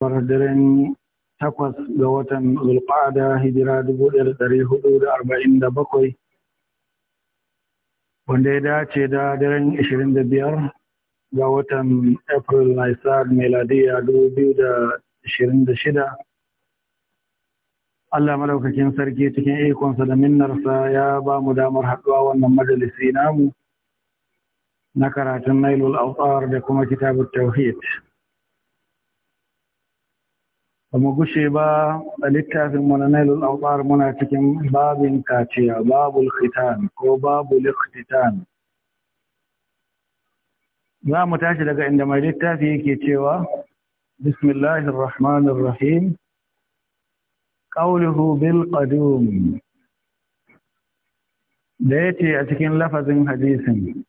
kamar daren takwas ga watan zulqa'ada hijira dubu ɗaya da ɗari hudu da arba'in da bakwai wanda ya dace da daren ashirin da biyar ga watan april naisar meladiya dubu biyu da ashirin da shida Allah madaukakin sarki cikin ikonsa da minnarsa ya ba mu damar haɗuwa wannan majalisi namu na karatun nailul autar da kuma kitabar tauhid mu gushe ba a littafin mana nailul albar muna cikin babin kaciya babul khitan ko babul khitan za mu tashi daga inda mai littafi yake cewa bismillahir rahmanir rahim qawluhu bil qadum da ce a cikin lafazin hadisin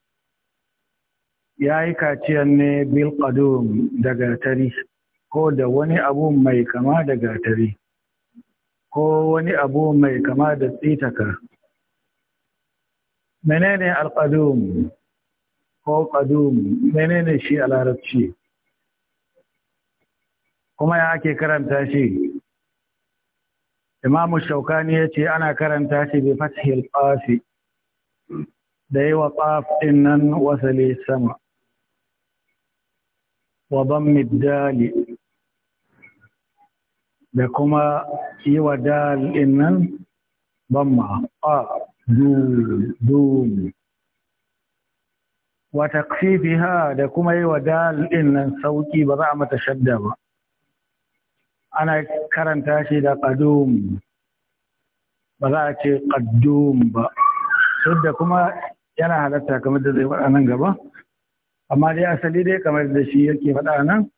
yayi kaciyan ne bil qadum daga tarihi ko da wani abu mai kama da gatari ko wani abu mai kama da tsitaka menene alqadum ko qadum menene shi a larabci kuma ya ake karanta shi imamu shaukani ya ce ana karanta shi bi fathil qafi da yi wa qaf innan nan wasali sama wa dammi dali da kuma yi wa dalin nan nan ma a Wata kifi ha, da kuma yi wa dalin nan sauƙi ba za a mata shadda ba ana karanta shi da ƙadum ba za a ce ƙaddum ba duk da kuma yana halatta kamar da zai faɗa nan gaba amma dai asali dai kamar da shi yake faɗa nan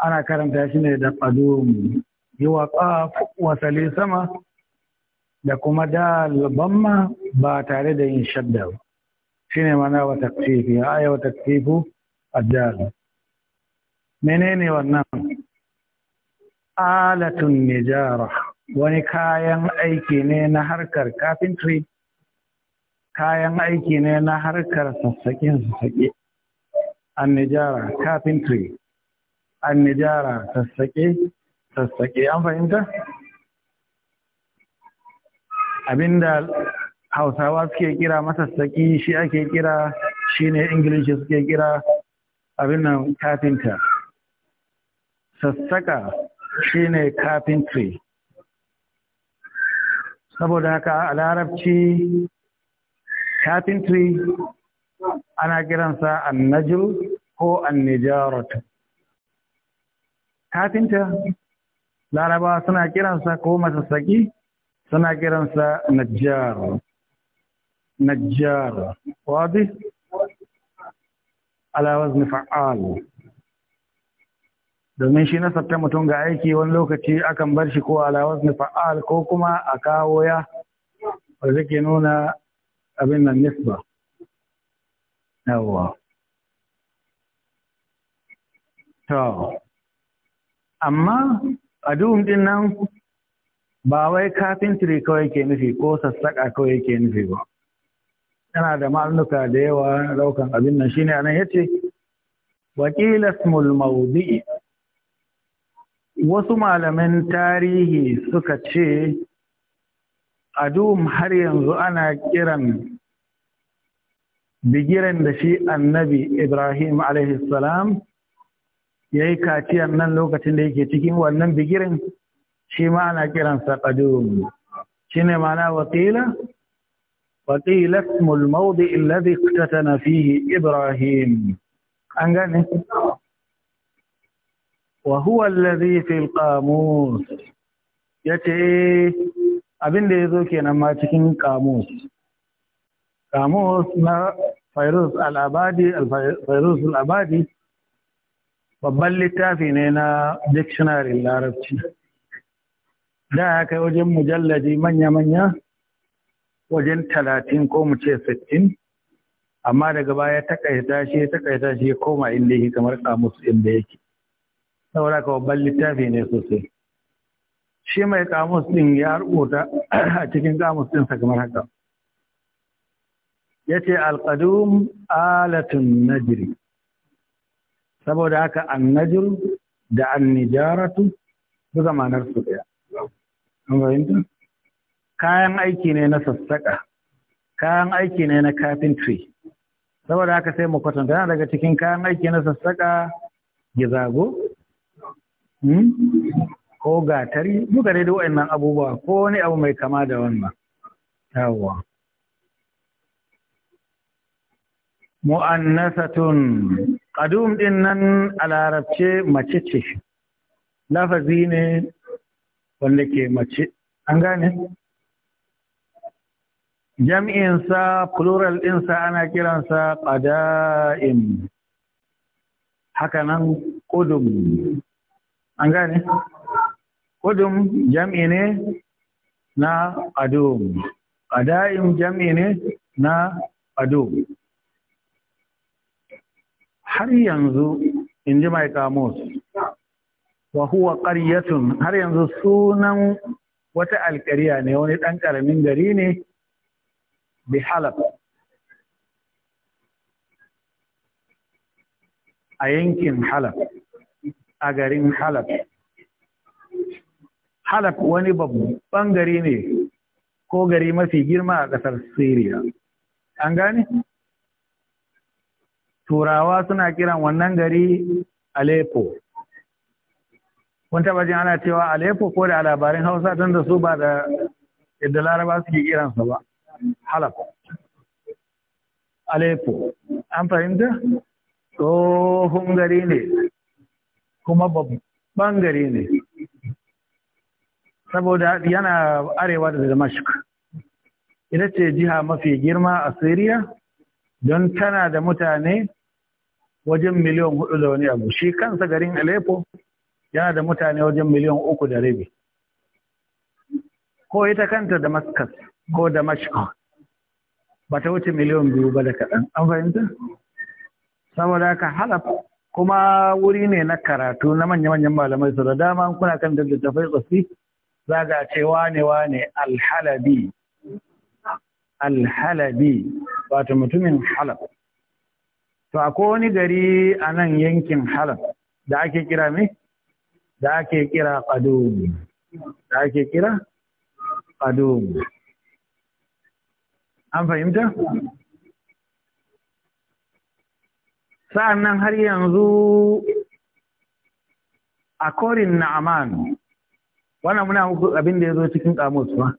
ana karanta shi ne da qadum wa qaf wa sama da kuma dal ba tare da yin shadda ba ne mana A yau aya wa a addal menene wannan alatun nijara wani kayan aiki ne na harkar carpentry kayan aiki ne na harkar sassaƙe-sassaƙe an nijara carpentry annijara sassaƙe sassaƙe an fahimta abinda hausawa suke kira masassaƙi shi ake kira shine ingilishi suke kira abin nan kafinta sassaƙa shine kafintri saboda haka a larabci kafintri ana kiransa annajir ko annijaratu kafinta larabawa suna kiransa ko masassaki suna kiransa najjar najjar wadi ala wazni fa'al domin shi nasabta mutum ga aiki wani lokaci akan bar shi ko ala wazni fa'al ko kuma a kawo ya wanda ke nuna abin nan nisba yawwa amma a duhun din nan ba wai kafintiri kawai ke nufi ko sassaƙa kawai ke nufi ba yana da ma'anuka da yawa ɗaukan abin nan shine anan yace wakila smul mawdi'i wasu malaman tarihi suka ce duhun har yanzu ana kiran bigiran da shi annabi Ibrahim alaihi salam ya yi kaciyar nan lokacin da yake cikin wannan bigirin shi ma ana kiransa ƙadum shi ne mana wakila wakilat mulmaudi illazi na fihi ibrahim an gane wa huwa allazi fil qamus yace abin da yazo kenan ma cikin qamus qamus na fairuz al-abadi al al-abadi babban littafi ne na dictionary larabci da ya kai wajen mujalladi manya-manya wajen talatin ko mu ce sittin amma daga baya takaita shi takaita shi koma inda yake kamar kamus inda yake saboda ka babban littafi ne sosai shi mai kamus ɗin ya rubuta a cikin kamus ɗinsa kamar haka ya ce alƙadum alatun najiri saboda haka annajir da annijaratu duka zamanar su ɗaya kayan aiki ne na sassaƙa kayan aiki ne na carpentry saboda haka sai mu kwatanta yana daga cikin kayan aiki na sassaƙa gizago hmm, ko gatari duka dai da wa'annan abubuwa ko wani abu mai kama da wannan yawwa mu'annasatun ƙadum ɗin nan a larabce mace ce, lafazi ne wanda ke mace, an gane? Jam'insa, plural ɗinsa ana kiransa ƙada’in, haka nan ƙudum, an gane? Ƙudum jam'i ne na ƙadum, ƙada’in jam'i ne na ƙadum. har yanzu in ji mai kamus wa huwa qaryatun har yanzu sunan wata alƙarya ne wani ɗan ƙaramin gari ne bi halab a yankin halab a garin halab halab wani babban gari ne ko gari mafi girma a ƙasar syria an gane turawa suna kiran wannan gari Aleppo kun taba jin ana cewa Aleppo ko da labarin Hausa tun da su ba da yadda Laraba suke kiransa ba Halab Aleppo an fahimta tsohon gari ne kuma babban gari ne saboda yana arewa da Damashq ita ce jiha mafi girma a Syria don tana da mutane wajen miliyan hudu da wani abu shi kansa garin Aleppo yana da mutane wajen miliyan uku da rabi ko ita kanta Damascus ko Damascus ba ta wuce miliyan biyu ba da kaɗan an fahimta saboda haka halaf kuma wuri ne na karatu na manya-manyan malamai su da dama kuna kan da littafai tsoffi za ga ce wane wane alhalabi alhalabi wato mutumin halaf to akwai wani gari a nan yankin halar da ake kira me da ake kira qadum da ake kira qadum an fahimta sa'an nan har yanzu a korin Na'amanu wannan muna muku abin da ya zo cikin kamus ba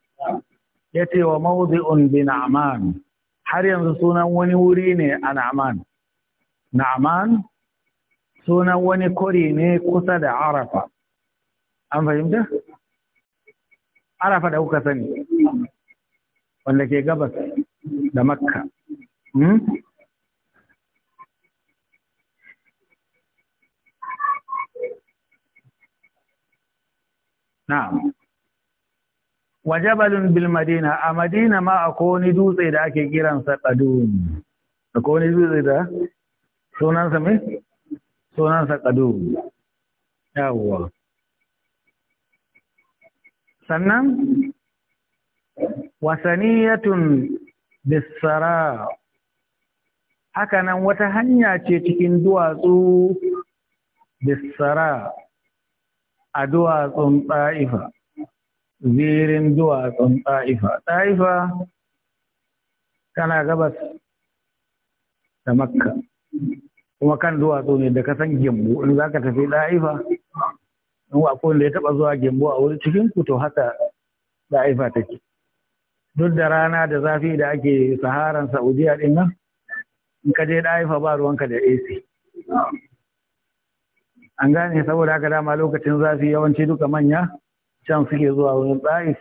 ya ce wa mawuzi'un bi Na'amanu. har yanzu sunan wani wuri ne a Na'amanu. نعمان سونا وني كوري ني كوسا دا عرفة أم فهم ده؟ عرفة دا وكسا ني ولكي قبس دا مكة هم؟ نعم وجبل بالمدينة أمدينة ما أكون دوسي دا كي كيران سقدون أكون دوسي دا sunansa mai? sunansa ƙaduru yawwa sannan wasaniyatun bisara hakanan wata hanya ce cikin duwatsu bisara a duwatsun ɗa'ifa zirin duwatsun ɗa'ifa ɗa'ifa tana gabas da makka kuma kan duwatsu ne da kasan san gembu in za ka tafi da'ifa in wa da ya taba zuwa gembu a wuri cikin ku to haka da'ifa take duk da rana da zafi da ake saharan saudiya din nan in ka je da'ifa ba ruwanka da ac an gane saboda haka dama lokacin zafi yawanci duka manya can suke zuwa wurin ɗa'if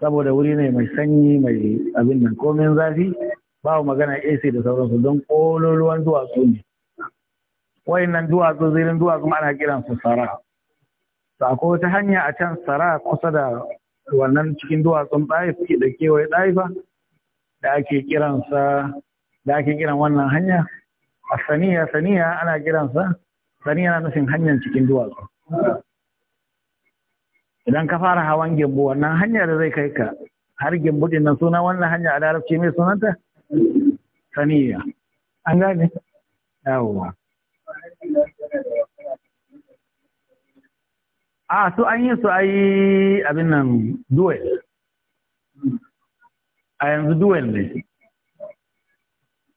saboda wuri ne mai sanyi mai abin nan komin zafi ba magana AC da sauransu don kololuwan duwatsu ne wayannan duwatsu zirin duwatsu ana kiran su sara to akwai wata hanya a can sara kusa da wannan cikin duwatsun suke da kewaye ɗaifa da ake kiransa da ake kiran wannan hanya a saniya saniya ana kiransa saniya na nufin hanyar cikin duwatsu idan ka fara hawan gembu wannan hanya da zai kai ka har gembu din nan suna wannan hanya a larabci mai sunanta an gane a su an yi su a yi abin nan duel a yanzu duel ne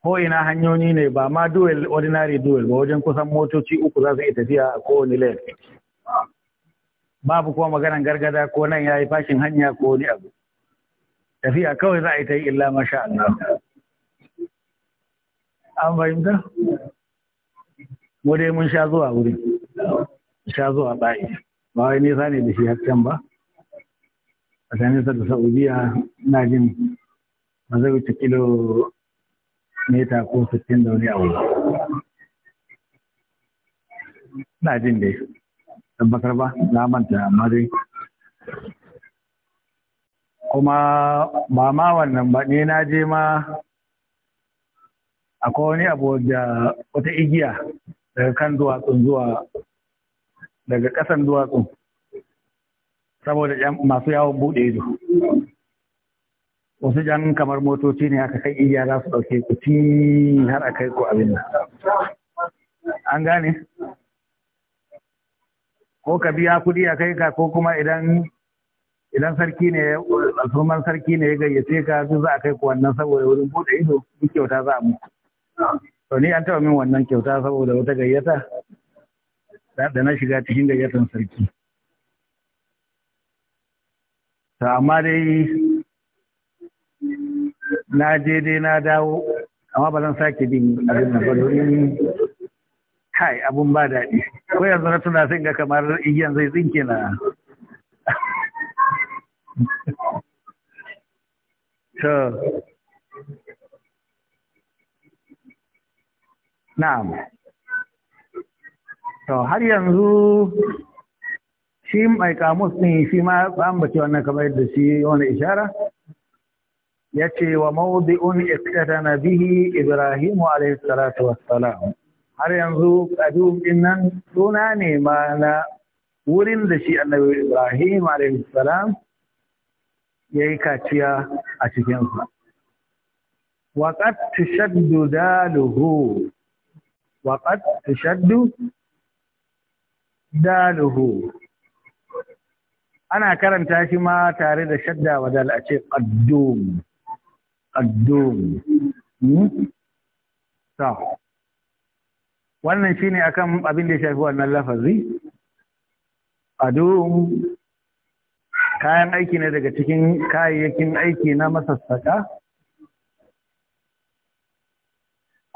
ko ina hanyoyi ne ba ma duel ordinary duel ba wajen kusan motoci uku za su yi tafiya a kowane layin babu kuma maganan gargada ko nan ya yi fashin hanya ko wani abu tafiya kawai za a yi ta yi illa masha Allah an fahimta mu dai mun sha zuwa wuri sha zuwa ba'i ba wai nisa ne da shi can ba a nisa da saudiya na jin maza wuce kilo mita ko sittin da wani abu na jin dai tabbatar ba na manta amma dai kuma ba ma wannan ba ne na je ma akwai wani abu da wata igiya daga kan duwatsun zuwa daga ƙasan duwatsun saboda masu yawon buɗe ido wasu jan kamar motoci ne aka kai igiya za su ɗauke ku ci har a kai ku abin nan an gane ko ka biya kuɗi a kai ka ko kuma idan idan sarki ne alfurman sarki ne ya gayyace ka su za a kai ku wannan saboda wurin buɗe ido duk kyauta za a muku to ni an taɓa min wannan kyauta saboda wata gayyata da na shiga cikin gayyatan sarki ta amma dai na je dai na dawo amma ba zan sake bin abin da domin kai abun ba daɗi ko yanzu na tuna sai ga kamar igiyan zai tsinke na to na'am to har yanzu shi mai kamus ɗin shi ma ambaci wannan kamar yadda shi wani ishara ya ce wa maudi'un iqtadana bihi ibrahimu alayhi salatu har yanzu kadu din nan suna ne ma na wurin da shi annabi ibrahim alayhi salam yi kaciya a cikinsu. Waƙat wa wa qad tushaddu ana karanta shi ma tare da shadda wa dal a ce wannan shine akan abin da ya shafi wannan lafazi qaddum kayan aiki ne daga cikin kayayyakin aiki na masassaka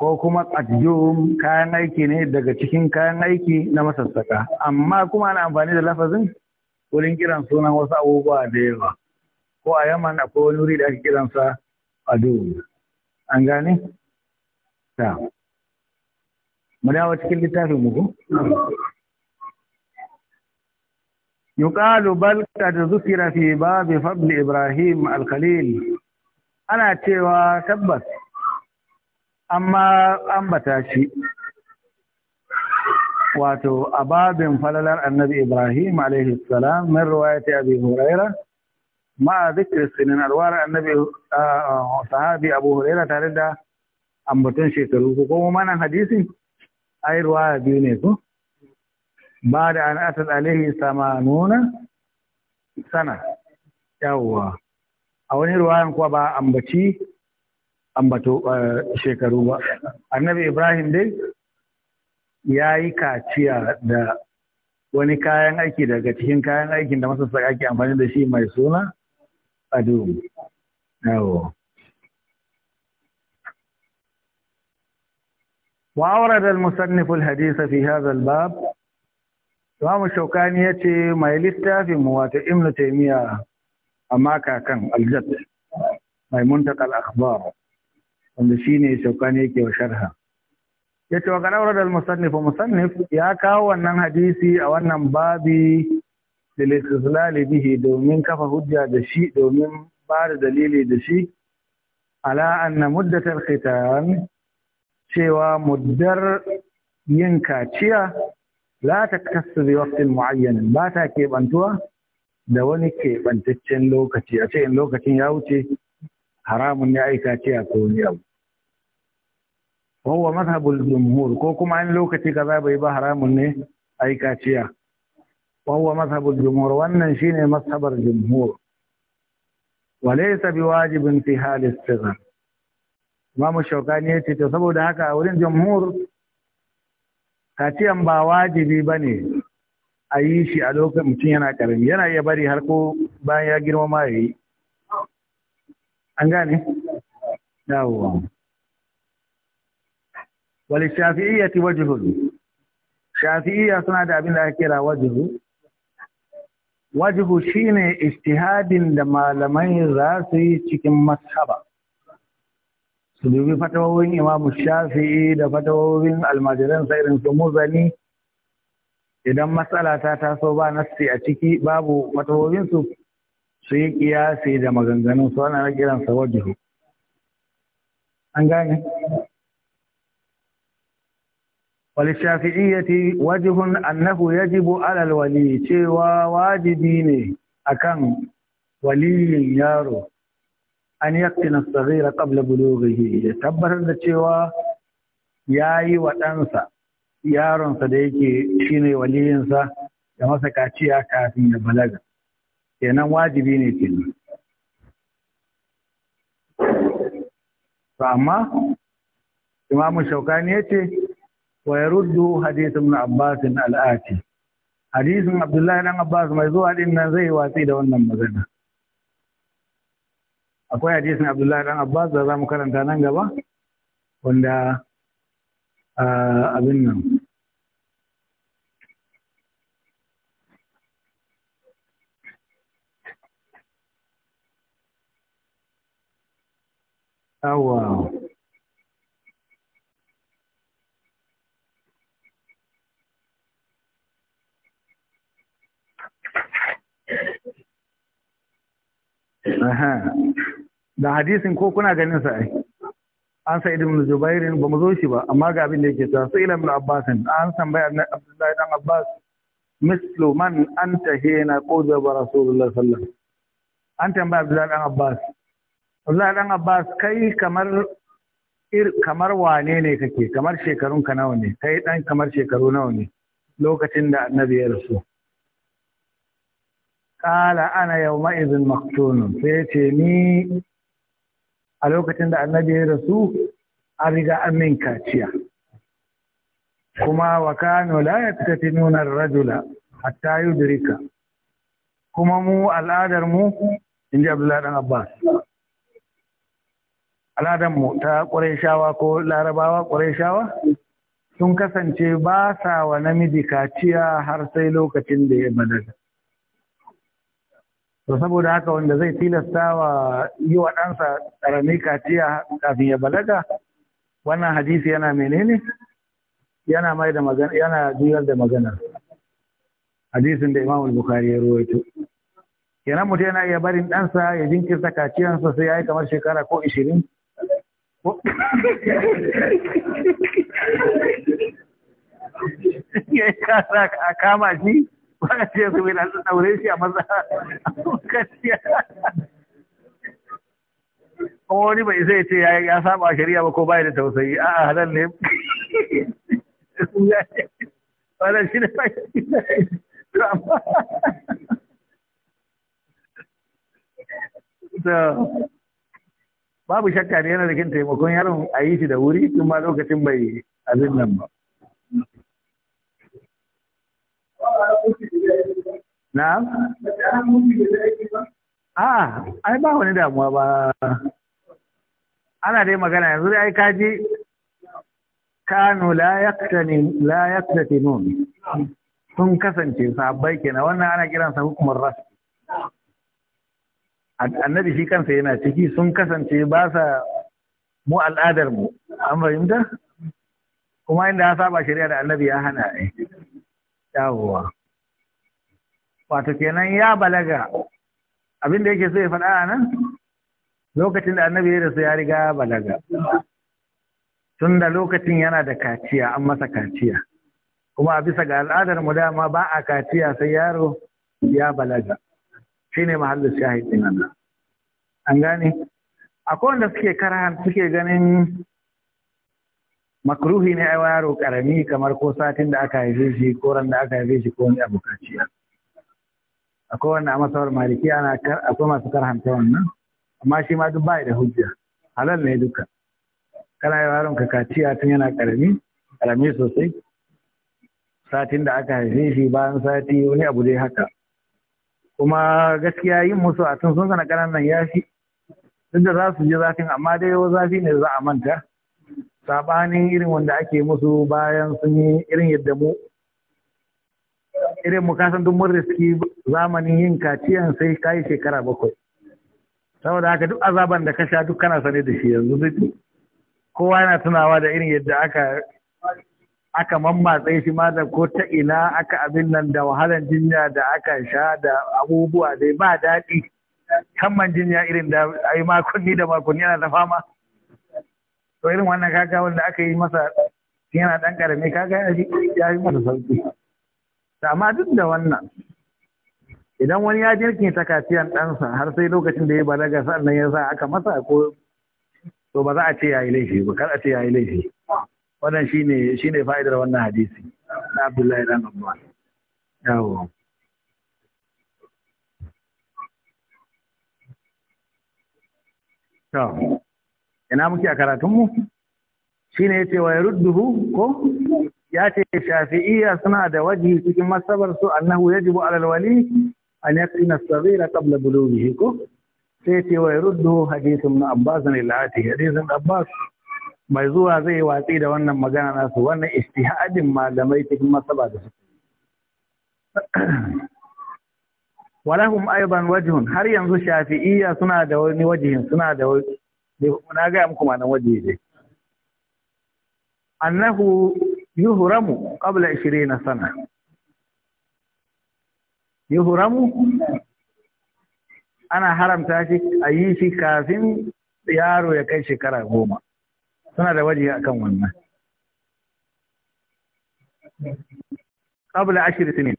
ko kuma qadjum kayan aiki ne daga cikin kayan aiki na masassaka amma kuma ana amfani da lafazin wurin kiran sunan wasu abubuwa da yawa ko a yaman akwai wani wuri da ake kiransa qadjum an gane ta mu cikin littafin mu yuqalu bal qad zukira fi babi fadl ibrahim al ana cewa tabbas amma ambata shi wato a babin falalar annabi Ibrahim alaihi salam min riwayati Abi Huraira ma zikr sinin alwara annabi sahabi Abu Huraira tare da ambaton shekaru ko kuma manan hadisin ai riwaya biyu ne ko ba da an atat alaihi samanuna sana yawwa a wani riwayan kuwa ba ambaci ambato eh, shekaru ba annabi ibrahim dai ya yi kaciya da wani kayan aiki daga cikin kayan aikin da saka ake amfani da shi mai suna ado yawo وأورد المصنف الحديث في هذا الباب Imamu Shaukani ya ce mai littafin mu wata Ibn Taymiya a makakan Aljad mai muntakal akhbar wanda shine ne yake wa sharha ce wa kana da al-musannif musannif ya kawo wannan hadisi a wannan babi da istidlal bihi domin kafa hujja da shi domin ba da dalili da shi ala anna muddatar khitan cewa muddar yin kaciya la kasu bi waqtin muayyan ba ta keɓantuwa da wani keɓantaccen lokaci a ce in lokacin ya wuce haramun ya aika ce a kowani abu wawa mazhabul jumhur ko kuma an lokaci kaza bai ba haramun ne aika ciya wawa mazhabul jumhur wannan shine mazhabar jumhur bi wajibin fi hal istighfar Imam Shawkani ce to saboda haka a wurin jumhur kaciyan ba wajibi bane a yi shi a lokacin mutum yana karami yana iya bari har ko bayan ya girma ma yayi an gane wali shafi'iyya ti wajhun shafi'iyya suna da abin da ake kira wajihu. wajhu shine istihadin da malamai za su yi cikin mashaba su dubi fatawowin imamu shafi'i da fatawowin almajiran sa'irin su muzani idan matsala ta taso ba nassi a ciki babu fatawowinsu su yi kiyasi da maganganun su ana kiransa wajihu an gane وللشافعية وجه ya يجب alal wali cewa wajibi ne akan waliyin yaro an yaktina saghira qabla bulughihi ya tabbatar da cewa yayi wa ɗansa yaronsa da yake shine waliyinsa da masa kaciya kafin ya balaga kenan wajibi ne kenan to amma shaukani ya ce wa ya ruddu hadisun na abbasin al'ati hadisun abdullahi dan abbas mai zuwa din nan zai watsi da wannan magana akwai hadisin abdullahi dan abbas da za mu karanta nan gaba wanda ah, abin nan yawa da hadisin ko kuna ganin sa ai an sa ibn Zubair ba mu zo shi ba amma ga abin da yake ta sai ibn Abbas an san bai Abdullahi dan Abbas mislu man anta hina qudba rasulullah sallallahu alaihi wasallam an tambaya Abdullahi dan Abbas Allah dan Abbas kai kamar ir kamar wane ne kake kamar shekarun ka nawa ne kai dan kamar shekaru nawa ne lokacin da annabi ya rasu qala ana yawma idhin maqtun sai ce ni a lokacin da annabi ya rasu an riga an min kaciya kuma wa kanu la yaftatinuna ar-rajula hatta yudrika kuma mu al'adar mu inji Abdullah dan Abbas al'adar mu ta shawa ko larabawa shawa, sun kasance ba sa wa namiji kaciya har sai lokacin da ya balaga to saboda haka wanda zai tilasta wa yi wa ɗansa ƙarami kaciya kafin ya balaga wannan hadisi yana menene yana mai da magana yana juyar da magana. hadisin da Imam Bukhari ya ruwaito kenan mutum yana iya barin ɗansa ya jinkirta kaciyansa sai ya yi kamar shekara ko ishirin ya yi kasa a kama shi ba ce su bai lasu daure shi a maza matsa kaciya kuma wani bai zai ce ya saba shari'a ba ko bai da tausayi a a halal ne wannan shi ne ba babu shakka ne yana da kin taimakon yaron a yi shi da wuri tun ma lokacin bai abin nan ba na'am A, ai ba wani damuwa ba ana dai magana yanzu dai ai kaji kanu la yaktani la sun kasance sabbai kenan wannan ana kiransa hukumar ras annabi shi kansa yana ciki sun kasance ba sa mu al'adar mu an fahimta kuma inda ya saba shari'a da annabi ya hana ne yawwa wato kenan ya balaga abin da yake so ya faɗa a nan lokacin da annabi ya rasu ya riga ya balaga tun da lokacin yana da kaciya an masa kaciya kuma a bisa ga al'adar mu dama ba a kaciya sai yaro ya balaga shine mahallin shahidin nan an gane akwai wanda suke karahan suke ganin makruhi ne a yaro karami kamar ko satin da aka haife shi ko ran da aka haife shi ko wani abu kaciya akwai wanda a masawar maliki ana akwai masu ta wannan amma shi ma duk bai da hujja halal ne duka kana yi yaron ka kaciya tun yana karami karami sosai satin da aka haife shi bayan sati wani abu dai haka kuma gaskiya yin musu a tun sun sana ƙananan ya fi duk da za su ji zafin amma dai yau zafi ne za a manta saɓanin irin wanda ake musu bayan sun yi irin yadda mu irin mu kasan duk mun riski zamanin yin kaciyan sai ka yi shekara bakwai saboda haka duk azaban da ka sha duk kana sane da shi yanzu duk kowa yana tunawa da irin yadda aka aka mammatsa shi ma da ko ta ina aka abin nan da wahalar jinya da aka sha da abubuwa dai ba daɗi kamman jinya irin da a yi makonni da makonni yana da fama to irin wannan kaga wanda aka yi masa yana ɗan ƙarami kaga ya yi masa sauki amma duk da wannan idan wani ya jirkin ta kaciyan ɗansa har sai lokacin da ya balaga sannan ya sa aka masa ko to ba za a ce ya yi laifi ba kar a ce ya yi laifi wannan shine shine fa'idar wannan hadisi na Abdullahi dan Abbas yawo to ina muke a karatun mu shine yace wa yarudduhu ko yace shafi'iyya suna da waji cikin masabar su annahu yajibu alal wali an yaqina as-saghira qabla bulughihi ko sai yace wa yarudduhu hadithun abbas ila ati hadithun abbas mai zuwa zai watsi da wannan magana nasu wannan istihadin malamai cikin masaba da suke walahum ayban wajhun har yanzu shafi'iyya suna da wani wajihin suna da wani na ga muku ma nan wajihi dai annahu yuhramu qabla 20 sana yuhramu ana haramta shi a yi shi kafin yaro ya kai shekara goma suna da waje akan wannan qabla ashir sinin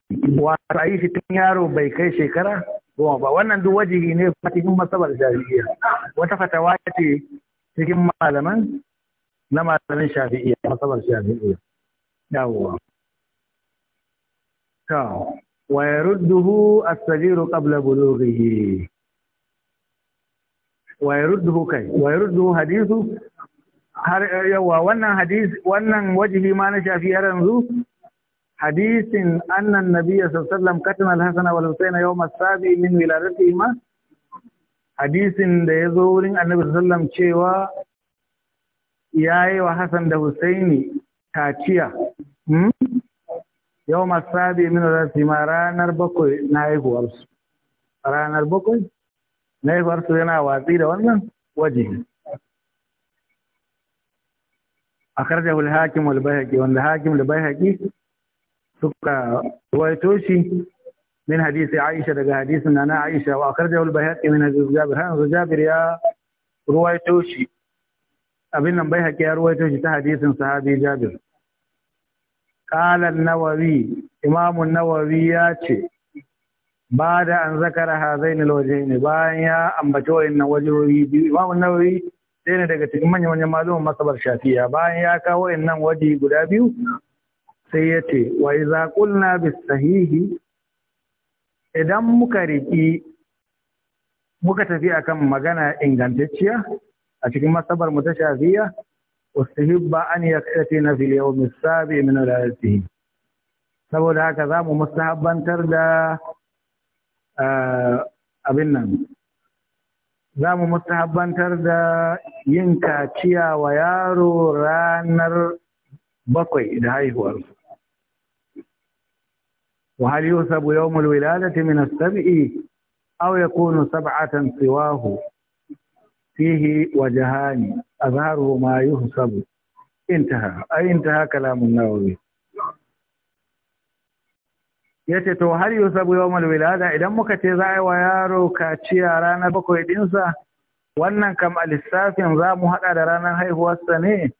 a yi shi tun yaro bai kai shekara goma ba wannan duk wajihi ne cikin masabar shafi'iyya wata fatawa ce cikin malaman na malamin shafi'iyya masabar shafi'iyya yawwa to wa rudduhu as-saghir qabla bulughihi wa rudduhu kai wa rudduhu hadithu har eh, yawa wannan hadisi wannan wajibi ma na shafi har yanzu hadisin annan nabiyya sallallahu alaihi wasallam katana al-hasan wal husayn yawm as-sabi min wiladatihima hadisin da ya zo wurin annabi sallam cewa ya yi wa Hassan da Husaini kaciya hmm? yawm as sabi min ma ranar bakwai na haihuwarsu ranar bakwai na haihuwarsu yana watsi da wannan wajibi. أخرجه الهاكم والبيهقي والهاكم والبيهقي ثم ويتوشي من حديث عائشة ده حديث أنا عائشة وأخرجه البيهقي من حديث جابر هان جابر يا رويتوشي أبن البيهقي يا رويتوشي حديث صحابي جابر قال النووي إمام النووي يا شي بعد أن ذكر هذين الوجهين بايا أم بتوع النووي إمام النووي ɗaya ne daga cikin manyan manyan malumin masabar shafiya bayan ya kawo nan waje guda biyu sai ya ce wa iza qulna bis sahihi idan muka riki muka tafi akan magana ingantacciya a cikin masabar mu ta shafiya ustahibba an na fil yawm as-sabi min al saboda haka zamu mustahabbantar da eh, abin nan Za mu mustahabantar da yin kaciya wa yaro ranar bakwai da haihuwar ku. Wa hali saboda ya yi mulunyar da timinastabi, au ya kunu sabbacaddan tsawon ku, tihi na jihar ni, a zahar rumayu saboda a haka kan lamun nan. Ya ce to har yusabu yawmal wilada idan muka ce za a yi wa yaro kaciya ranar bakwai dinsa wannan kam a lissafin za mu haɗa da ranar haihuwarsa ne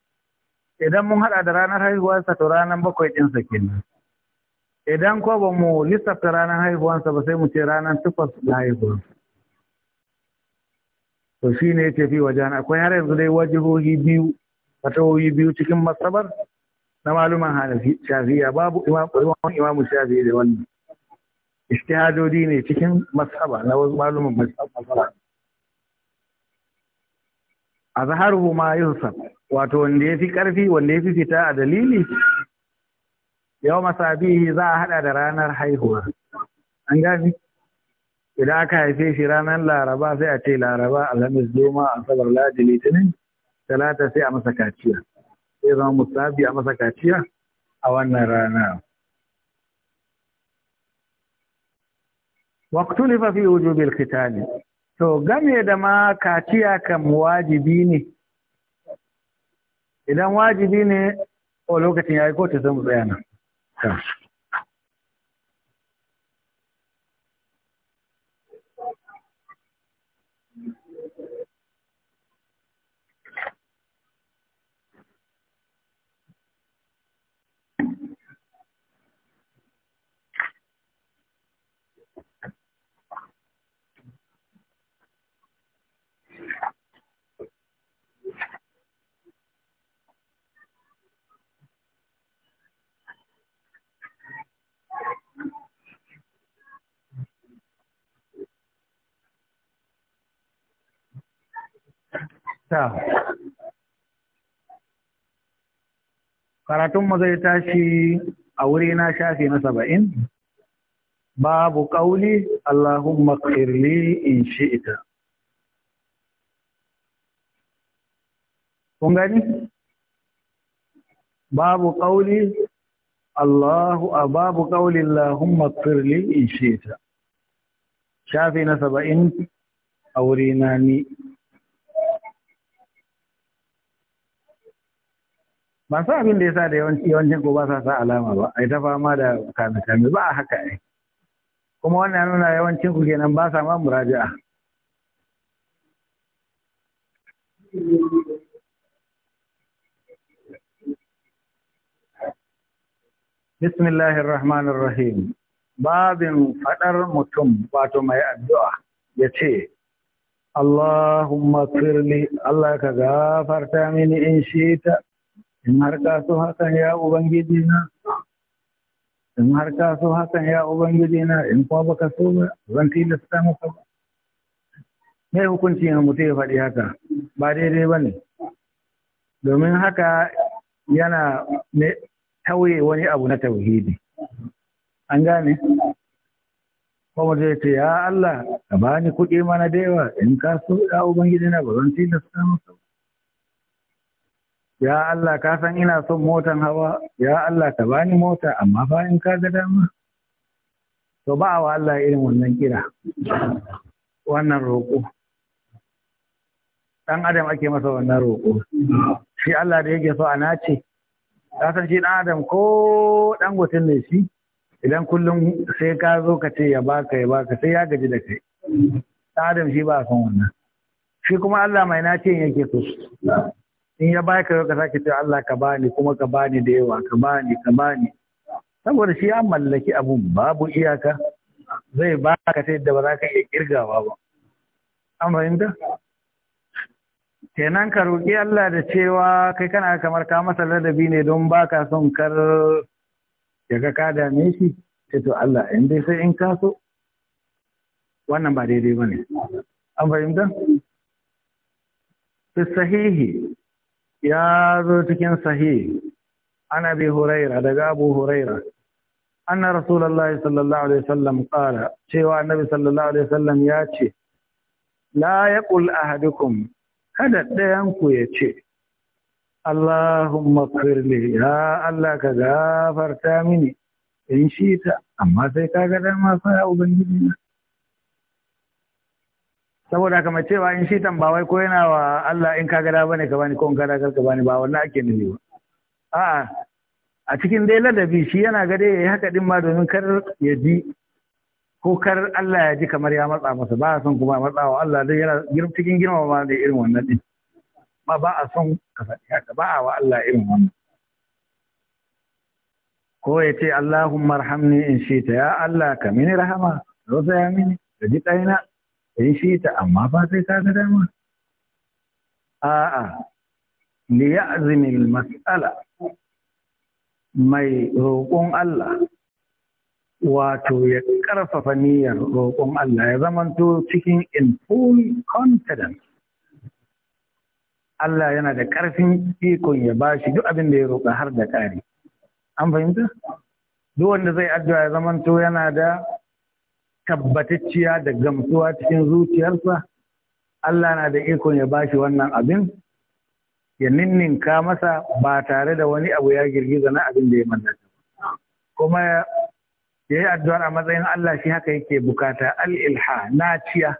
idan mun haɗa da ranar haihuwarsa to ranar bakwai ɗinsa kenan idan ko ba mu lissafta ranar haihuwarsa ba sai mu ce ranar takwas da haihuwar? to shi ne ya fi wajen akwai har yanzu dai wajihohi biyu fatawoyi biyu cikin masabar na maluman hanafi shafiya babu imamun imamu shafi'i da wannan ijtihadodi ne cikin masaba na wasu maluman masaba azharuhu ma yusab wato wanda ya fi ƙarfi wanda yafi fita a dalili yau masabihi za a hada da ranar haihuwa an gani idan aka haife shi ranar laraba sai a ce laraba alhamis goma asabar ladi litinin talata sai a masa kaciya sai zama musabi a masa kaciya a wannan rana waqtulifa fi wujubil qitali to game da ma kaciya kam wajibi ne idan wajibi ne o lokacin yayi ko ta zama tsaya nan Karatun karatunmu zai tashi a wuri na shafi na saba'in babu ƙauli Allahumma ƙirli in ita kun gani babu ƙauli Allahu a babu ƙaulin Allahumma ƙirli in ita shafi na saba'in a wuri na ni ba sa abin da ya sa da yawanci yawancin ba sa sa alama ba ai ta fama da kame kame ba haka ai kuma wannan nuna yawancin ku kenan ba sa ma muraja'a Bismillahir Rahmanir Rahim mutum wato mai addu'a yace Allahumma firli Allah ka gafarta mini in shita in har ka so hakan ya ubangiji na in har ka so hakan ya ubangiji na in kuma baka so ba zan tilasta maka ba me hukunci ne mutum ya faɗi haka ba daidai ba ne domin haka yana tauye wani abu na tauhidi an gane kuma zai ce ya Allah ka bani kuɗi mana da yawa in ka so ya ubangiji na ba zan tilasta maka ba ya Allah ka san ina son motan hawa ya Allah ka bani mota amma fa in ka ga dama to ba wa Allah irin wannan kira wannan roƙo dan adam ake masa wannan roƙo shi Allah da yake so ana ce ka san shi dan adam ko dan gutun ne shi idan kullum sai ka zo ka ce ya baka ya baka sai ya gaji da kai dan adam shi ba son wannan shi kuma Allah mai nace yake so in ya baya ka ka sake cewa Allah ka bani kuma ka bani da yawa ka bani ka bani saboda shi ya mallaki abu, babu iyaka zai baka ta yadda ba za ka iya kirgawa ba an fahimta kenan ka roƙi Allah da cewa kai kana kamar ka masa ladabi ne don ba ka son kar ya ga ka dame shi sai to Allah in dai sai in ka so wannan ba daidai ba ne, an fahimta fi sahihi ya zo cikin sahih ana bi huraira daga abu huraira anna rasulullahi sallallahu alaihi wasallam qala cewa annabi sallallahu alaihi wasallam ya ce la yaqul ahadukum kada ɗayan ku ya ce Allahumma firli ya Allah ka gafarta mini in shi ta amma sai ka ga dama fa ubangiji na saboda kama cewa in shi ba wai ko yana wa Allah in ka gada bane ka bani ko in ka gada ka bani ba wannan ake nufi ba a'a a cikin dai ladabi shi yana gade yayi haka din ma domin kar ya ji ko kar Allah ya ji kamar ya matsa masa ba a son kuma matsa wa Allah dai yana cikin girma ma da irin wannan din ba ba a son ka faɗi haka ba a wa Allah irin wannan ko ya ce Allahumma arhamni in shita ya Allah ka mini rahama rosa ya mini da ji ɗaina Sai shi ta amma ba sai dama a'a li azumi mas'ala mai roƙon Allah wato ya ƙarfafa niyyar roƙon Allah ya zamanto cikin in full confidence Allah yana da ƙarfin ikon ya ba shi duk abin da ya roƙa har da ƙari. An fahimta? Duk wanda zai addu'a ya zamanto yana da tabbatacciya da gamsuwa cikin zuciyarsa Allah na da ikon ya bashi wannan abin ya ninninka masa ba tare da wani abu ya girgiza na abin da ya mallaka kuma ya yi addu'ar a matsayin Allah shi haka yake bukata al-ilha ciya,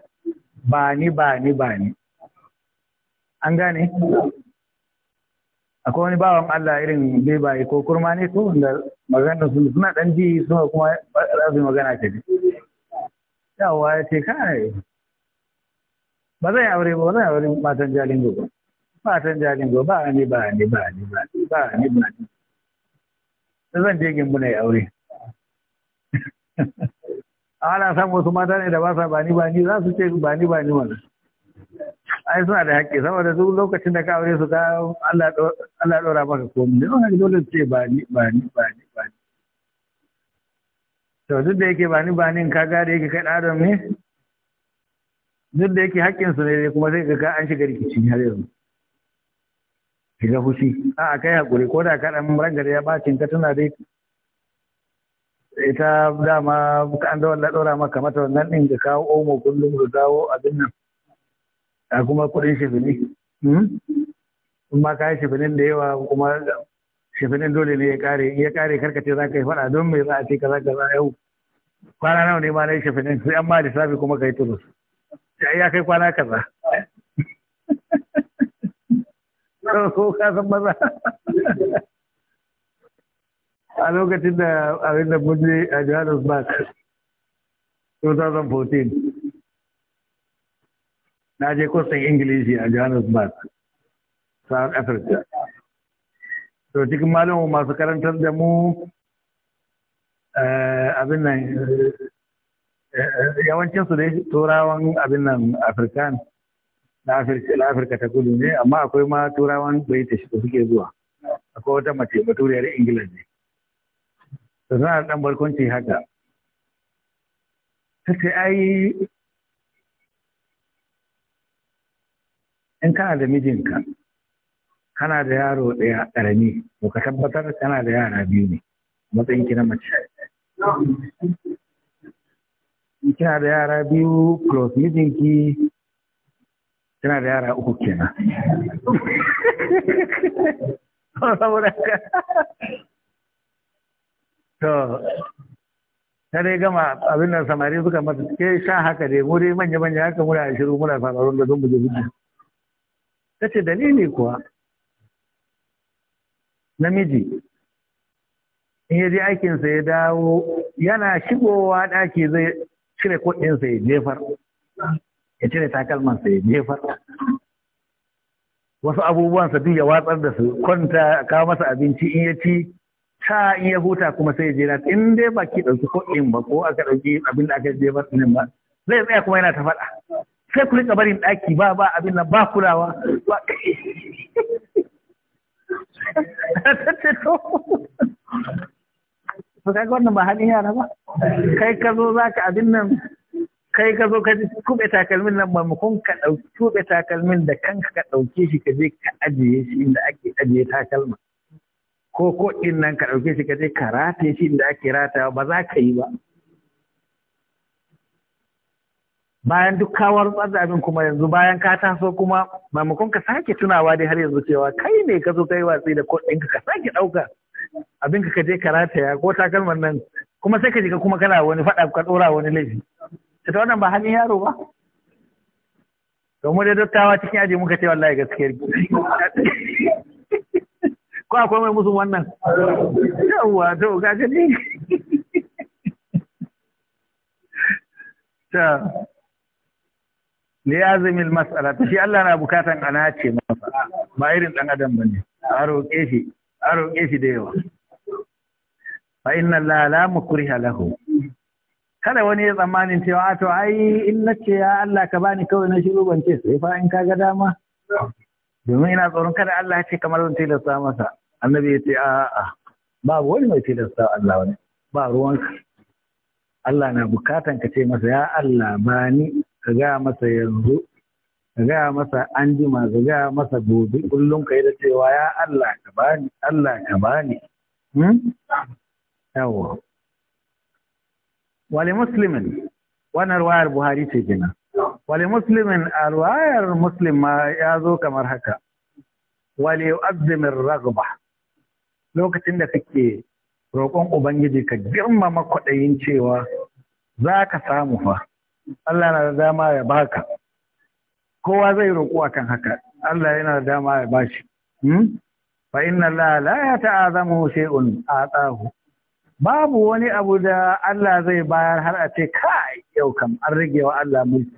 ba ni ba ni ba ni an gane akwai wani bawan Allah irin bebaye ko kurma ne ko wanda maganar suna ɗan ji suna kuma za magana ce yawa ya ce kai ba zai aure ba zai aure matan jalingo ba matan jalingo ba ni ba ni ba ni ba ni ba ni ba ni zan je gimbu na aure ana san wasu mata ne da ba sa ba ni ba ni za su ce ba ni ba ni wannan ai suna da haƙƙi saboda duk lokacin da ka aure su ka Allah Allah dora maka komai ne wannan dole su ce ni ba ni. to duk da yake bani bani ka gada yake kai adam ne duk da yake su ne kuma sai ka an shiga rikici har yanzu ga fushi a kai hakuri. ko da kaɗan rangare ya bacin ka tana dai ita dama an da wannan dora maka mata wannan din ka kawo omo kullum ka dawo abin nan a kuma kuɗin ne hmm? in ma ka yi shifinin da yawa kuma shifinin dole ne ya ƙare ya ƙare karkace za ka yi faɗa don me za a ce ka za ka yau kwana nawa ne ma na yi shafinin sai an ma lissafi kuma ka yi tulus ya kai kwana kaza ko ka san maza a lokacin da abin da mun je a Johannesburg 2014 na je kwastan Ingilishi a Johannesburg South Africa to cikin malamu masu karantar da mu Eh, abin nan eh, yawancin su dai turawan abin nan afirkan na afirka ta kudu ne amma akwai ma turawan british da suke zuwa akwai wata mace baturiyar ingila ne da suna da barkwanci haka ta ce ai in kana da mijinka kana da yaro ɗaya karami ko ka tabbatar kana da yara biyu ne matsayin ki na mace kina da yara biyu plus mijinki kina da yara uku kenan to ta dai gama abin nan samari suka mata ke sha haka dai mu dai manya manya haka muna shiru muna samarun da zumbu zubi ta ce dalili kuwa namiji in ya je aikinsa ya dawo yana shigowa daki zai cire kuɗinsa ya jefar ya cire takalmansa ya jefar wasu abubuwan duk ya watsar da su kwanta kawo masa abinci in ya ci ta in ya huta kuma sai ya jera in dai ba ɗauki kuɗin ba ko aka ɗauki abin da aka jefar ɗin ba zai tsaya kuma yana ta faɗa sai ku rika barin ɗaki ba ba abin nan ba kulawa ba to ga wannan ba halin yara ba kai ka zo za ka abin nan kai ka zo ka ji tuɓe takalmin nan maimakon ka ɗauki tuɓe takalmin da kanka ka ɗauke shi ka je ka ajiye shi inda ake ajiye takalma ko ko ɗin nan ka ɗauke shi ka je ka rataye shi inda ake ratawa ba za ka yi ba bayan duk kawar abin kuma yanzu bayan ka taso kuma maimakon ka sake tunawa dai har yanzu cewa kai ne ka zo kai watsi da ɗinka ka sake ɗauka abin ka je ka rataya ko takalman nan kuma sai ka je kuma kana wani faɗa ka ɗora wani laifi ta wannan ba hannun yaro ba domin da dattawa cikin aji muka ce wallahi gaskiyar ko akwai mai musu wannan yawa to ga gani ta li azimil mas'ala shi Allah na bukatan ana ce masa ba irin dan adam bane a roƙe shi Aro roƙe shi da yawa fa inna la la mukriha lahu kada wani ya tsammanin cewa to ai in nace ya Allah ka bani kawai na shiru ban ce sai fa in ka ga dama domin ina tsoron kada Allah ya ce kamar zan tilasta masa annabi ya ce a'a babu wani mai tilasta Allah wani ba ruwanka Allah na bukatan ka ce masa ya Allah bani ka ga masa yanzu ka gaya masa an jima ka gaya masa gobe kullum ka yi da cewa ya Allah ka bani Allah ka bani hmm? yawwa wale muslimin wannan ruwayar buhari ce gina wale muslimin a ruwayar muslim ma ya zo kamar haka wale azumin ragba lokacin da kake roƙon ubangiji ka girmama kwaɗayin cewa za ka samu fa Allah na da dama ya baka kowa zai roƙo a kan haka Allah yana da dama ya bashi hmm? fa inna Allah la yata'azamu shay'un atahu babu wani abu da Allah zai bayar har a ce kai yau kam an rage wa Allah mulki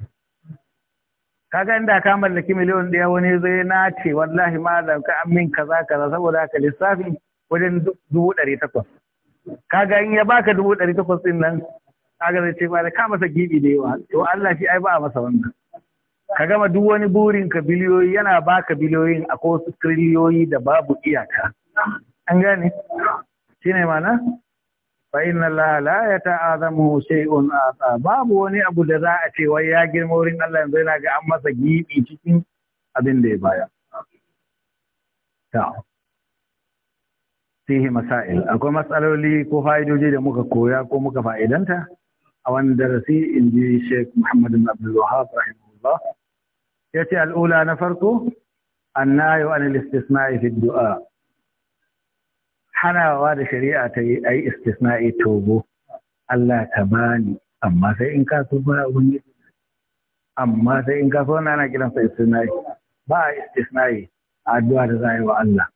kaga inda ka mallaki miliyon ɗaya wani zai nace wallahi malam ka min kaza kaza saboda haka lissafi wajen dubu ɗari takwas kaga in ya baka dubu ɗari takwas ɗin nan kaga zai ce ba da ka masa gibi da yawa to Allah shi ai ba a masa wannan ka gama duk wani burin ka biliyoyi yana baka biliyoyin akwai wasu triliyoyi da babu iyaka an gane ne mana fa inna allaha la yata'azamu shay'un babu wani abu da za a ce wai ya girma wurin Allah yanzu yana ga an masa gibi cikin abin da ya baya ta fihi masail akwai matsaloli ko fa'idoji da muka koya ko muka fa'idanta a wani darasi in ji Sheikh Muhammad bin Abdul rahimahullah ya al'ula na farko annayo wani istisna'i fi du'a hanawa da shari'a ta yi ai istisna'i tobo Allah ta bani amma sai in ka ba wani amma sai in ka so na ana kiransa istisna'i ba istisna'i addu'a da za a yi wa Allah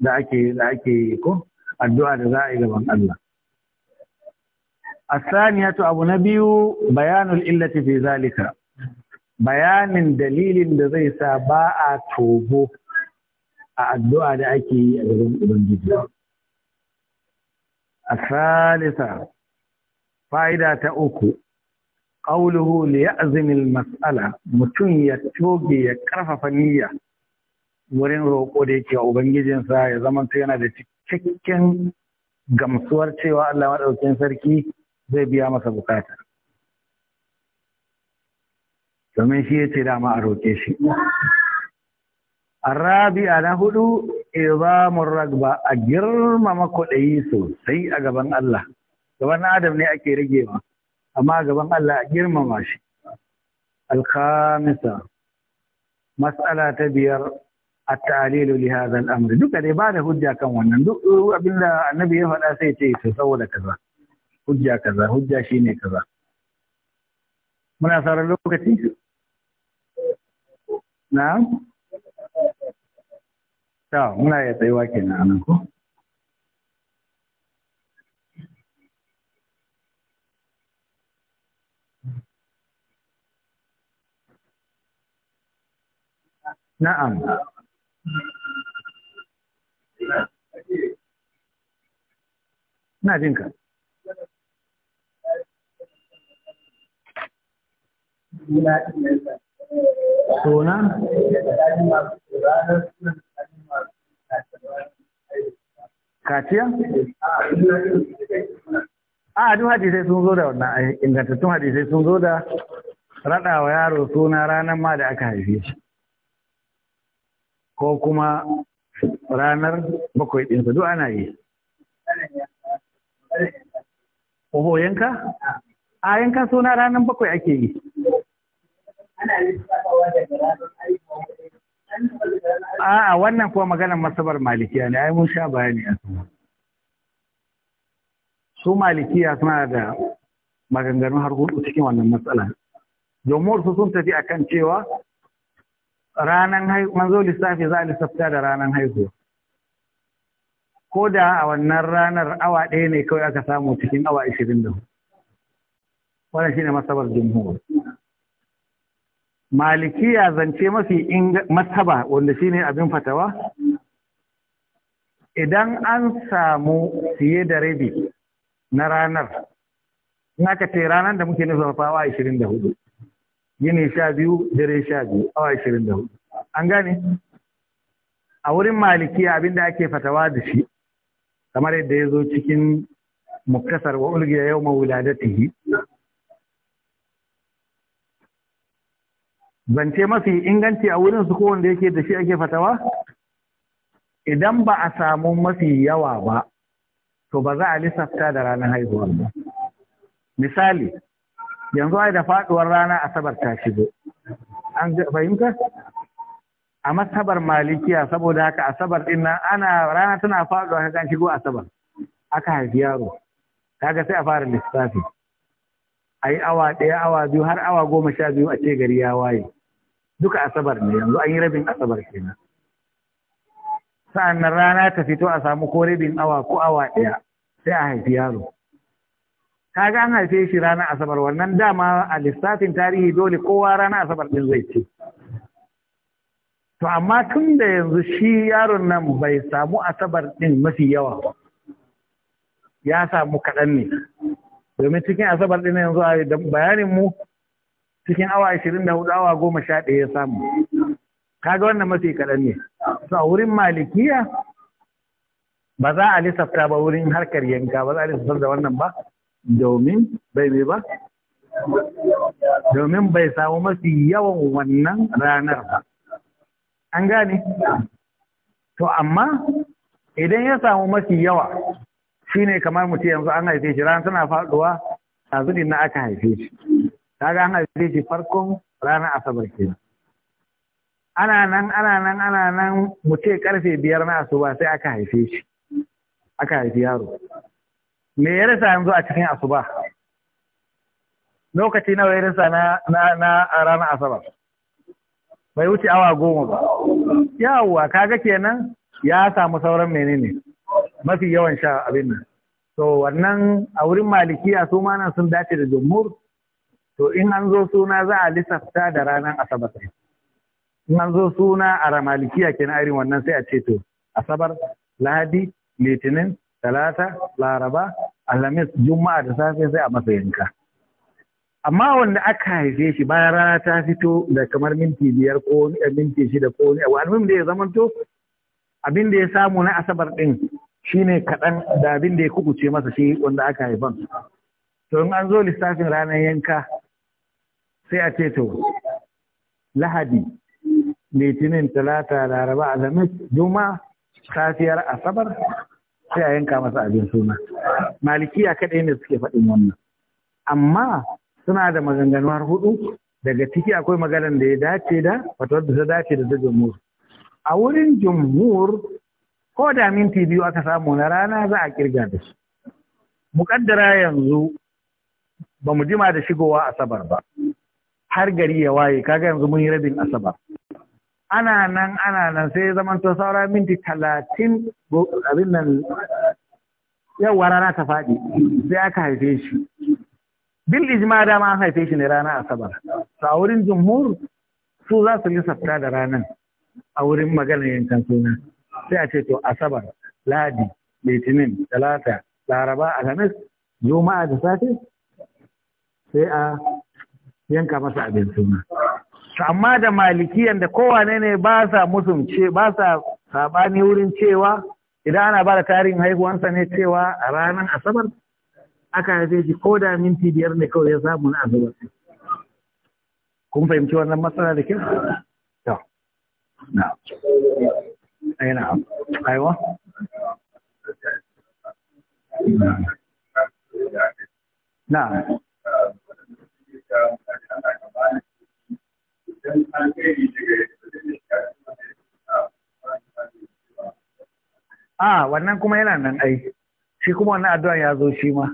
da ake da ake ko addu'a da za a yi gaban Allah الثانية أبو نبي بيان الإلة في ذلك bayanin dalilin da zai sa ba a tobo a addu'a da ake yi a gaban Ubangiji. A salisa, fa'ida ta uku, ƙauluhu li azumin matsala, mutum ya toge ya ƙarfafa niyya wurin roƙo da yake Ubangijinsa ya zamanta yana da cikakken gamsuwar cewa Allah maɗaukin sarki zai biya masa bukata. domin shi yace dama a roke shi arabi'a na hudu izamur ragba a girmama kwaɗayi sosai a gaban Allah gaban adam ne ake ragewa amma gaban Allah a girmama shi alkhamisa mas'ala ta biyar at Lihazal, li hadha al-amr duka dai ba da hujja kan wannan duk abinda annabi ya faɗa sai ce to saboda kaza hujja kaza hujja shine kaza muna sauran lokaci nào, na'am hôm nay tự tsayuwa kenan nào ko na'am na jinka Thank you. sona kaciya a ah, duk hadisai sun zo da wannan eh, ingantattun hadisai sun zo da raɗawa yaro suna ranar ma da aka haife shi ko kuma ranar bakwai ɗinsa duk ana yi oho yanka a ah, yanka suna ranar bakwai ake yi A'a wannan kuwa maganar masabar malikiya ne, ai mun sha bayani a su. Su malikiya suna da maganganun har hudu cikin wannan matsala. Jomor su sun tafi akan cewa ranan haihuwa, manzo lissafi za a lissafta da ranan haihuwa. Ko da a wannan ranar awa ɗaya ne kawai aka samu cikin awa ashirin da Wannan shi ne masabar jumhur. malikiya zance mafi masaba wanda shine abin fatawa idan an samu fiye da rabi na ranar na ka ce ranar da muke nufin fa awa ashirin da hudu yini sha biyu dare sha biyu awa ashirin da hudu an gane a wurin malikiya abin da ake fatawa da shi kamar yadda ya zo cikin mukasar wa ulgiya yau mawuladatihi zance mafi inganci a wurin su ko wanda yake da shi ake fatawa idan ba a samu mafi yawa ba to ba za a lissafta da ranar haihuwa ba misali yanzu ai da faduwar rana asabar ta shigo an fahimta a masabar malikiya saboda haka asabar din nan ana rana tana faduwa ka kan shigo asabar aka haifi yaro kaga sai a fara lissafi a yi awa ɗaya awa biyu har awa goma sha biyu a ce gari ya waye duka asabar ne yanzu an yi rabin asabar kenan nan rana ta fito a samu ko rabin awa ko awa ɗaya sai a haifi yaro ga an haife shi ranar asabar wannan dama a lissafin tarihi dole kowa rana asabar ɗin zai ce to amma tun da yanzu shi yaron nan bai samu asabar ɗin mafi yawa ba ya samu kaɗan ne domin cikin asabar ɗin yanzu a bayanin mu cikin awa ashirin da hudu awa goma sha ɗaya ya samu kaga wannan mafi kaɗan ne to a wurin malikiya ba za a lissafta ba wurin harkar yanka ba za a lissafta da wannan ba domin bai mai ba domin bai samu mafi yawan wannan ranar ba an gane to amma idan ya samu mafi yawa shine kamar mu ce yanzu an haife shi ran tana faduwa a zuɗin na aka haife shi kaga an haife shi farkon ranar asabar kenan ana nan ana nan ana nan mu ce karfe biyar na asuba sai aka haife shi aka haifi yaro me ya rasa yanzu a cikin asuba lokaci nawa ya rasa na ranar asabar bai wuce awa goma ba yawwa kaga kenan ya samu sauran menene mafi yawan sha abin nan to wannan a wurin malikiya su ma sun dace da jumhur to in an zo suna za a lissafta da ranar asabar in an zo suna a ramalikiya kenan irin wannan sai a ce to asabar lahadi litinin talata laraba alhamis juma'a da safe sai a masa yanka amma wanda aka haife shi bayan rana ta fito da kamar minti biyar ko eh, minti shida ko wani abu da ya zamanto abin da ya samu na asabar ɗin shine kaɗan da abin da ya kubuce masa shi wanda aka haifan to in an zo lissafin ranar yanka sai a ce to lahadi litinin talata laraba alhamis juma safiyar asabar sai a yanka masa abin suna malikiya kaɗai ne suke faɗin wannan amma suna da maganganuwar har hudu daga ciki akwai maganar da ya dace da fatuwar da ta dace da ta jumhur a wurin jumhur ko da minti biyu aka samu na rana za a kirga da shi Mukaddara yanzu ba mu jima da shigowa asabar ba har gari ya waye kaga yanzu mun yi rabin asabar ana nan ana nan sai zaman to saura minti talatin abin nan yau rana ta faɗi sai aka haife shi bil ijma dama an haife shi ne rana asabar to a wurin jumhur su za su lissafta da ranan a wurin maganar yankan suna sai a ce to asabar ladi litinin talata laraba alhamis juma'a da safe sai a yanka masa abin suna amma da malikiyan da kowane ne ba sa musumce ba sa sabani wurin cewa idan ana ba da tarihin haihuwansa ne cewa a ranar asabar aka haife shi ko da minti biyar ne kawai ya samu na asabar kun fahimci wannan matsala da kyau to na aiwa na a wannan kuma yana nan ai shi kuma wannan addu'a ya zo shi ma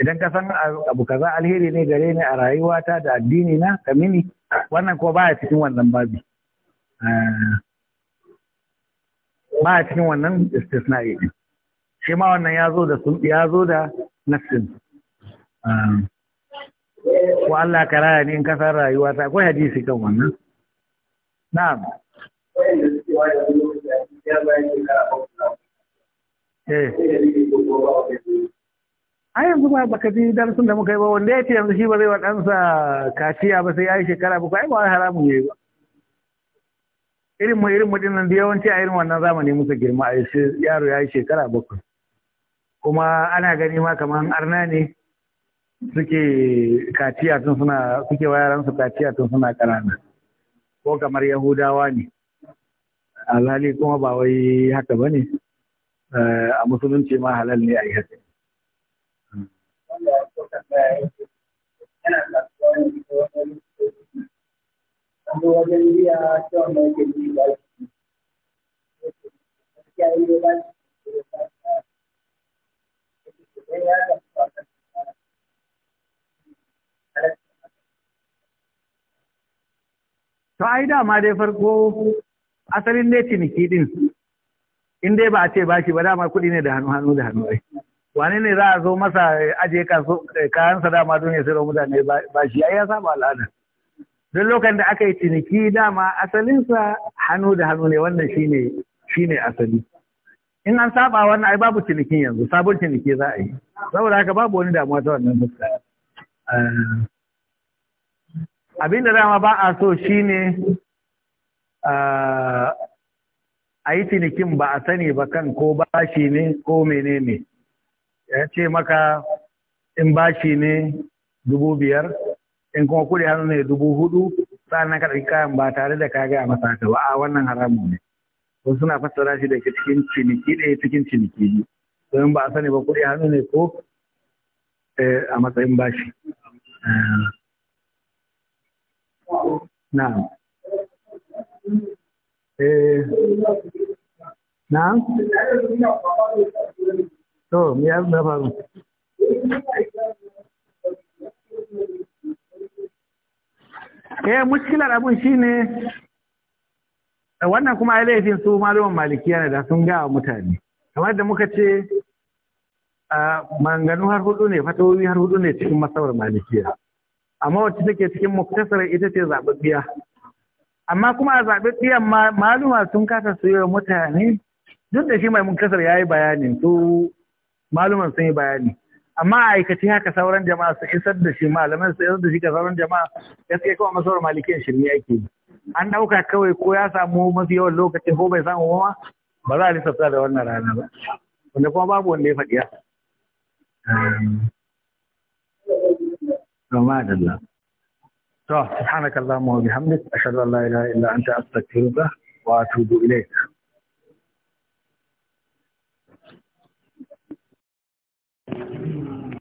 idan ka san abu kaza alheri ne gare ni a rayuwata da addini na ka mini wannan kuma baya cikin wannan babi eh, Ba a cikin wannan istisna'i shi ma wannan ya zo da ya zo da eh, ko Allah ka raya ni in san rayuwa ta akwai hadisi kan wannan na'am eh a yanzu ba baka ji darasin da muka yi ba wanda ya ce yanzu shi ba zai wa ɗansa kaciya ba sai ya yi shekara ba ai ba haramun yayi ba irin mu irin mu nan da yawanci a irin wannan zamani musu girma a yaro ya yi shekara bakwai kuma ana gani ma kamar arna ne suke kaciya tun suna suke wayaransu kaciya tun suna ƙanana ko kamar yahudawa ne alhali kuma ba wai haka bane ne eh, a musulunci ma halal ne a yi haka you. Hmm. To ai dama dai farko asalin dai ciniki din in dai ba a ce shi ba dama kuɗi ne da hannu hannu da hannu ai. Wane ne za a zo masa aje kayansa dama don ya sayar mutane shi? ai ya saba al'ada. Don lokacin da aka yi ciniki dama asalinsa hannu da hannu ne wannan shine shine asali. In an saba wannan ai babu cinikin yanzu sabon ciniki za a yi. Saboda haka babu wani damuwa ta wannan fuska. Eh, abin da dama ba a so shine eh, a yi cinikin ba a sani ba kan ko bashi ne ko menene ya ce maka in bashi ne dubu biyar in kuma kudi hannu ne dubu hudu sa'annan ka kayan ba tare da ka a masa ba a wannan haramu ne wasu suna fassara shi da cikin ciniki ɗaya cikin ciniki biyu don ba a sani ba kuɗi hannu ne ko eh, a matsayin bashi Na'am. Eh. Na'am. To, me eh abun shine wannan kuma ai laifin su malumin malikiya ne da sun gawa mutane kamar da muka ce manganu har hudu ne fatawoyi har hudu ne cikin masabar malikiya amma wacce take cikin muktasar ita ce zaɓaɓɓiya amma kuma a zaɓaɓɓiyan maluma sun kasa su yi mutane duk da shi mai muktasar ya yi bayani to maluman sun yi bayani amma a aikace haka sauran jama'a su isar da shi malaman su isar da shi ga sauran jama'a gaskiya kawai masabar malikiyan shirme ake yi an ɗauka kawai ko ya samu mafi yawan lokaci ko bai samu ba ba za a lissafta da wannan rana ba wanda kuma babu wanda ya faɗi Roma da Allah. To, subhanakallahumma wa bihamdik, ashhadu an la ilaha illa anta astaghfiruka wa Thank you.